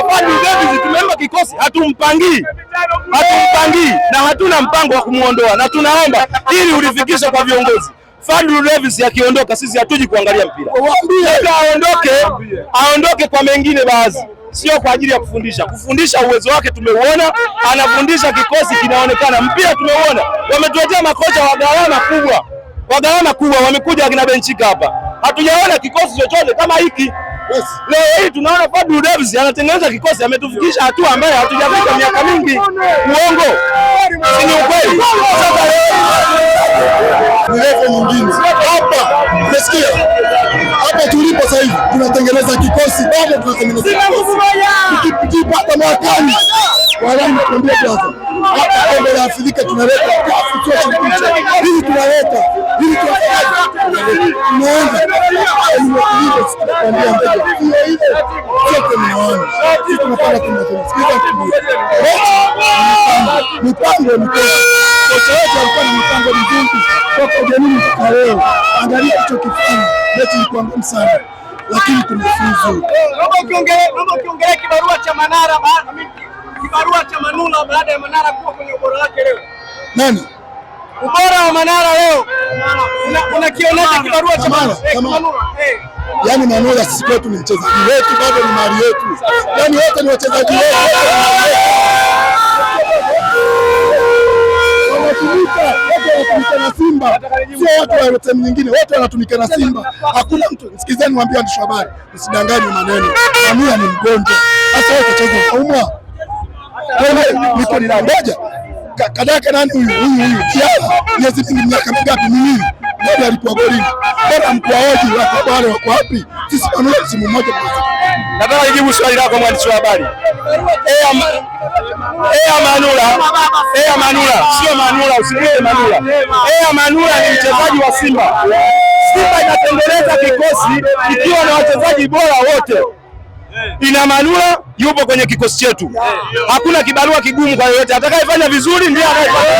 Afande Davis, tumempa kikosi, hatumpangii hatumpangii na hatuna mpango wa kumuondoa, na tunaomba ili ulifikisha kwa viongozi Fadlu Davis akiondoka, sisi hatuji kuangalia mpira. Aondoke, aondoke kwa mengine baadhi, sio kwa ajili ya kufundisha. Kufundisha uwezo wake tumeuona, anafundisha kikosi kinaonekana, mpira tumeuona. Wametuletea makocha wa gharama kubwa, wa gharama kubwa, wamekuja wakina Benchika hapa, hatujaona kikosi chochote kama hiki. Yes. Leo hii tunaona Fadlu Davis anatengeneza kikosi ametufikisha hatua ambayo hatujafika miaka mingi. Uongo. Si ni ukweli. Sasa leo ni nyingine. Hapa umesikia? Hapa tulipo sasa hivi tunatengeneza kikosi bado tunatengeneza. Tukipata mwakani wanaambia bwana. Hapa kombe la Afrika tunaleta kafu tu tunaleta. Hili tunaleta. Hili tunaleta. Tunaenda mipango kocha wetu alikuwa na mipango mizuri kwa jamii mpaka leo. Angalia alichokifanya, mechi ilikuwa ngumu sana, lakini tumefuzu. Naomba ukiongelea kibarua cha Manara, kibarua cha Manula baada ya Manara kuwa kwenye ubora wake leo. Nani? Ubora wa Manara leo unakionyesha kibarua cha Manula. Eh, yani Manola sisi kwetu ni mchezaji wetu, bado ni mali yetu, yani wote ni wachezaji wetu wanatumika na Simba, sio watu wa timu nyingine, wote wanatumika na Simba. Hakuna mtu, msikizeni, mwambie waandishi wa habari, msidanganywe maneno. Samia ni mgonjwa, hasa watacheza kaumwa niko ninaangoja kadaka nani huyu huyu huyu Kiara, miezi mingi, miaka mingapi miwili bado alikuwa golini, bado wote wako wale wako wapi? Sisi kanuni simu moja. kwa Nataka nijibu swali lako mwandishi wa habari. Eh, Eh, Manula, Eh, Manula, sio Manula, usijue Manula. Eh, Manula ni mchezaji wa Simba. Simba inatengeneza kikosi ikiwa na wachezaji bora wote ina Manula yupo kwenye kikosi chetu, hakuna kibarua kigumu kwa yoyote. Atakayefanya vizuri ndiye atakayefanya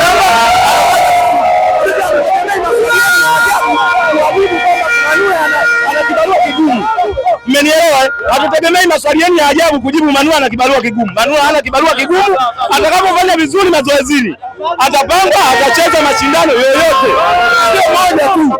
Hatutegemei maswali yenu ya ajabu kujibu. manua ana kibarua kigumu. manua hana kibarua kigumu. Atakapofanya vizuri mazoezini, atapanga, atacheza mashindano yoyote, sio moja tu.